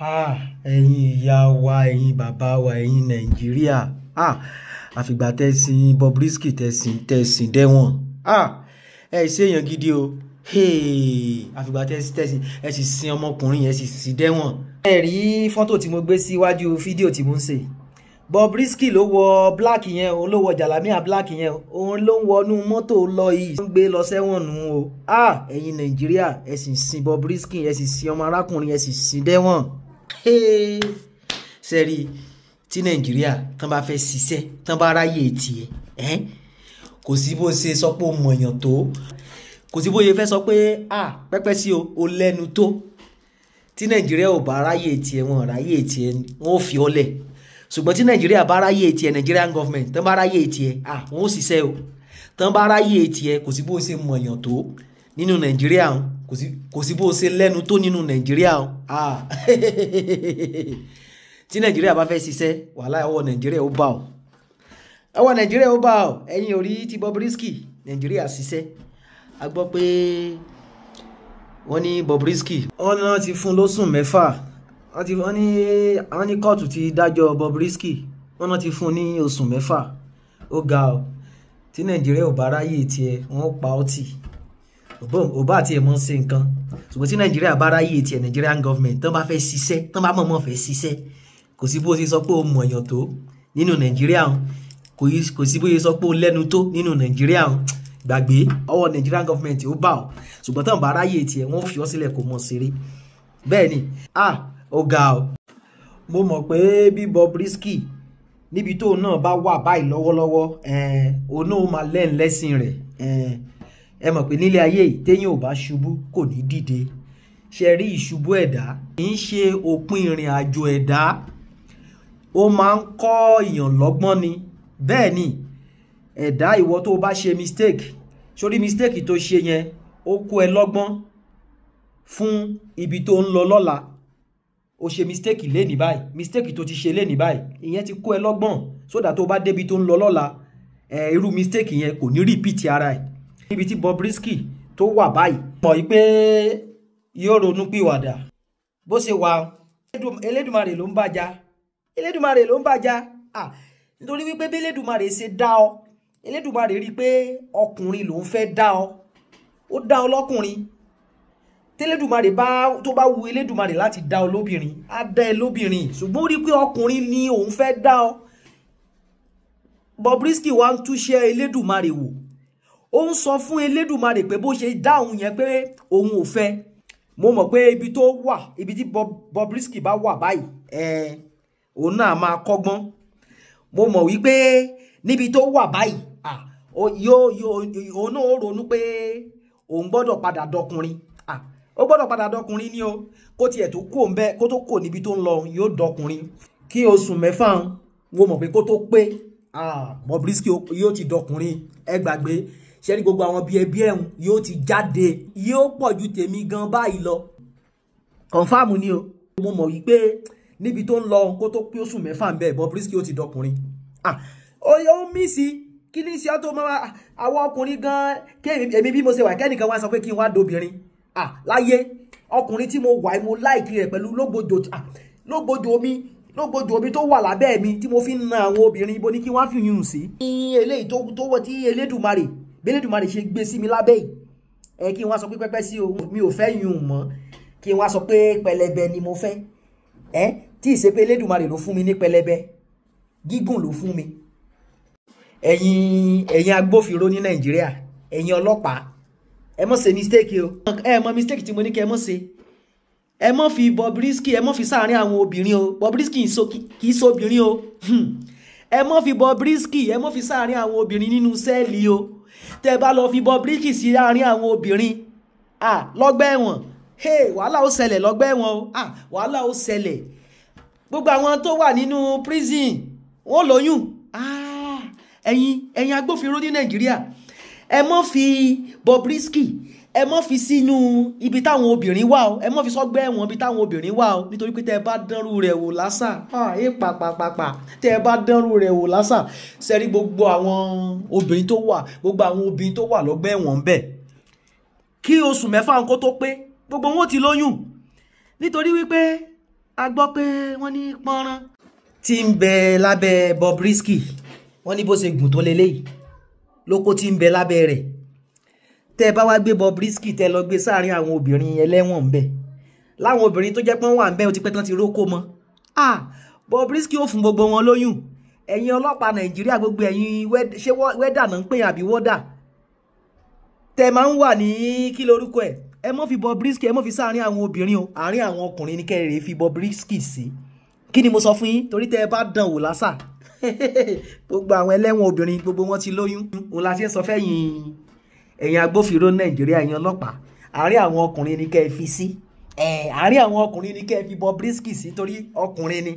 Ah, ẹ̀yin ìyá wa ẹ̀yin bàbá wa ẹ̀yin nàìjíríà ah, àfìgbà tẹ̀sìn Bobrisky tẹ̀sìn tẹ̀sìn dẹ́wọ̀n ah, ẹ ṣe èèyàn gidi o hey, àfìgbà tẹ̀sìn tẹ̀sìn ẹ sì sin ọmọkùnrin yẹn sì sí dẹ́wọ̀n. ẹ rí fọ́tò tí mo gbé síwájú fídíò tí mo ń ṣe Bobrisky ló wọ black yẹn o ló wọ jalamiya black yẹn o òun ló ń wọnú mọ́tò lọ yìí ó ń gbé lọ sẹ́wọ̀n nù o ah, ẹ̀yin nàìjíríà ẹ sì sin Bobrisky ẹ sì sin ọmọ arákùnrin ẹ sì sin dẹ́wọ̀n sẹ́rí tí nàìjíríà tán bá fẹ́ ṣiṣẹ́ tán bá ráyè tiẹ̀ ẹ́ kò sí bó ṣe sọ pé o mọ̀yàn tó kò sí bó ṣe fẹ́ sọ pé à pẹ́pẹ́ sí o o lẹ́nu tó tí nàìjíríà ò bá ráyè tiẹ̀ wọn ráyè tiẹ̀ wọn ò fi ọ́ ṣùgbọ́n tí nàìjíríà bá ráyè tiẹ̀ nigerian government tán bá ráyè tiẹ̀ à wọn ò ṣiṣẹ́ o tán bá ráyè tiẹ̀ kò sí bó ṣe mọ̀yàn tó nínú nàìjíríà o kò sí bó o ṣe lẹ́nu tó nínú nàìjíríà o tí nàìjíríà bá fẹ́ ṣiṣẹ́ wàhálà ọwọ́ nàìjíríà ó bá o ọwọ́ nàìjíríà ó bá o ẹ̀yin ò rí ti Bobrisky nàìjíríà ṣiṣẹ́ a gbọ́ pé wọ́n ní Bobrisky ọ̀nà ti fún lóṣùn mẹ́fà wọ́n ní kóòtù ti dájọ́ Bobrisky wọ́n náà ti fún ní oṣù mẹ́fà ó ga ọ tí nàìjíríà ò bá ráyè tiẹ̀ wọ́n pa ọ́ tì ò bá tiẹ̀ mọ́ ṣe nǹkan ṣùgbọ́n tí nàìjíríà bá ráyè tiẹ̀ nigerian government tán bá fẹ́ ṣiṣẹ́ tán bá mọ̀ọ́mọ̀ fẹ́ ṣiṣẹ́ kò sí bó ṣe sọ pé o mọ̀ èèyàn tó nínú nàìjíríà kò sí bó ṣe sọ pé o lẹ́nu tó nínú nàìjíríà gbàgbé ọwọ́ nigerian government ó bà ọ́ ṣùgbọ́n tán bá ráyè tiẹ̀ wọ́n fi ọ́ sílẹ̀ kó mọ̀ ṣeré bẹ́ẹ̀ ni ah ó ga ọ́ mo mọ̀ pé bí Bobrisky níbi tóun náà bá wà báyìí lọ́wọ́lọ́wọ́ òun ẹ mọ̀ pé nílé ayé yìí téèyàn ò bá ṣubú kò ní dìde ṣe rí ìṣubú ẹ̀dá kì í ṣe òpin ìrìn àjò ẹ̀dá ó máa ń kọ́ èèyàn lọ́gbọ́n ni bẹ́ẹ̀ ni ẹ̀dá ìwọ tó o bá ṣe mistake sórí mistake tó ṣe yẹn ó kó ẹ lọ́gbọ́n fún ibi tó ń lọ lọ́la o ṣe mistake léni báyìí mistake tó ti ṣe léni báyìí ìyẹn ti kó ẹ lọ́gbọ́n sódà tó o bá débi tó ń lọ lọ́la ẹ irú mistake yẹn kò ní repeat ara ẹ̀ níbi tí Bobrisky tó wà báyìí mọ̀ yìí pé yóò ronú pìwàdà bó ṣe wà Elédùmarè ló ń bàjá Elédùmarè ló ń bàjá nítorí wípé bí Elédùmarè ṣe dá ọ Elédùmarè rí i pé ọkùnrin lòún fẹ́ dá ọ ó dá ọ lọ́kùnrin tẹlẹdùmarè bá tó bá wu Elédùmarè láti dá ọ lóbìnrin á dá ẹ lóbìnrin ṣùgbọ́n ó rí i pé ọkùnrin ni òun fẹ́ dá ọ Bobrisky wa ń túṣẹ́ Elédùmarè wò ó ń sọ fún Elédùmarè pé bó ṣe dá òun yẹn pé òun ò fẹ́ mo mọ̀ pé ibi tó wà ibi tí Bobrisky bá wà báyìí ẹ̀ẹ́ òun náà máa kọ́gbọ́n mo mọ̀ wípé níbi tó wà báyìí yóò yóò òun náà ó ronú pé òun gbọ́dọ̀ padà dọkùnrin ó gbọ́dọ̀ padà dọkùnrin ni o kó tiẹ̀ tó kó ńbẹ kó tó kó níbi tó ń lọ yóò dọkùnrin kí oṣù mẹ́fà wo mọ̀ pé kó tó pé Bobrisky yóò ti dọkùnrin ẹ gbàgbé ṣẹ́ni gbogbo àwọn bíi ẹbí ẹ̀hún yóò ti jáde yóò pọ̀ ju tèmi gan báyìí lọ kọ̀nfàmù ni o mo mọ̀ wípé níbi tó ń lọ kó tó pé oṣù mẹ́fà ń bẹ̀ Bobrisky ó ti dọkùnrin ó mí sí kí ní sí ọtọ máa àwọn ọkùnrin gan èmi bí mo ṣe wà kẹ́nìkan wá sọ pé kí n wá dobìnrin láyé ọkùnrin tí mo wà mo láìkí rẹ̀ pẹ̀lú lógbòjò omi lógbòjò omi tó wà lábẹ́ mi tí mo fi ń na àwọn obìnrin ibo ni kí wọ́n fi yùn sí. eléyìí tó wọ tí Elédùmarè bẹ́lẹ́dùmarè ṣe gbé sí mi lábẹ́ yìí ẹ kí n wá sọ pé pẹ́pẹ́ sí o mi ò fẹ́ yùn mọ́ kí n wá sọ pé pẹlẹbẹ ni mo fẹ́ ẹ tí ì ṣe pé Elédùmarè ló fún mi ní pẹlẹbẹ gígùn ló fún mi ẹ̀yin ẹ̀yin agbófinró ní Nàìjíríà ẹ̀yin ọlọ́pàá ẹ mọ̀ ṣe mistake o ẹ mọ̀ mistake tí mo ní kẹ́ ẹ mọ̀ ṣe ẹ mọ̀ fi Bobrisky ẹ mọ̀ fi sáàárín àwọn obìnrin o Bobrisky kì í so obìnrin o hmm. ẹ mọ̀ fi Bobrisky ẹ mọ̀ fi sáàárín àwọn obìnrin nínú sẹ́ẹ̀lì o tẹ́ bá lọ fi bọ bíríkì sí láàrin àwọn obìnrin lọ́gbà ẹ̀wọ̀n wàhálà ó ṣẹlẹ̀ lọ́gbà ẹ̀wọ̀n o wàhálà ó ṣẹlẹ̀ gbogbo àwọn tó wà nínú prison wọ́n lóyún ẹ̀yin ẹ̀yin agbófinró ní nàìjíríà ẹ mọ́ fi Bobrisky ẹ mọ́ fi sínú ibi táwọn obìnrin wà o ẹ mọ́ fi sọ́gbẹ́ ẹ̀wọ̀n ibi táwọn obìnrin wà o nítorí pé tẹ́ ẹ bá dánrú rẹ̀ wò lásà ẹ pàpàpàpà tẹ́ ẹ bá dánrú rẹ̀ wò lásà sẹ́rí gbogbo àwọn obìnrin tó wà gbogbo àwọn obìnrin tó wà lọ́gbẹ́ ẹ̀wọ̀n bẹ́ẹ̀ kí oṣù mẹ́fà nǹkan tó pé gbogbo wọn ti lóyún nítorí wípé a gbọ́ pé wọ́n ní pọ́nrán tí ń bẹ lábẹ́ Bobrisky wọ́n ní bó ṣe gùn tó leléyìí lóko tí ń bẹ lábẹ́ rẹ̀ tẹ́ ẹ bá wá gbé Bobrisky tẹ́ lọ gbé sáàrin àwọn obìnrin ẹlẹ́wọ̀n ń bẹ láwọn obìnrin tó jẹ́ pé wọ́n wà ń bẹ ó ti pẹ́ tán ti rókó mọ́ ah Bobrisky ó fún gbogbo wọn lóyún ẹ̀yin ọlọ́pàá Nàìjíríà gbogbo ẹ̀yin ṣé wẹ́dà náà ń pè yàn àbí wọ́dà tẹ́ máa ń wà ní kí lorúkọ ẹ̀ ẹ mọ́ fi Bobrisky ẹ mọ́ fi sáàrin àwọn obìnrin o àárín àwọn ọkùnrin ní kẹrìnrè fi Bobrisky sí kí ni mo sọ fún yín torí tẹ́ ẹ bá dàn wò lásà gbogbo àwọn ẹlẹ́wọ̀n obìnrin gbogbo wọn ti lóyún òun la ṣe sọ fẹ́yìn ẹ̀yin agbófinró nàìjíríà ẹ̀yin ọlọ́pàá àárín àwọn ọkùnrin ni kẹ́ ẹ fi sí àárín àwọn ọkùnrin ni kẹ́ ẹ fi Bobrisky sí torí ọkùnrin ni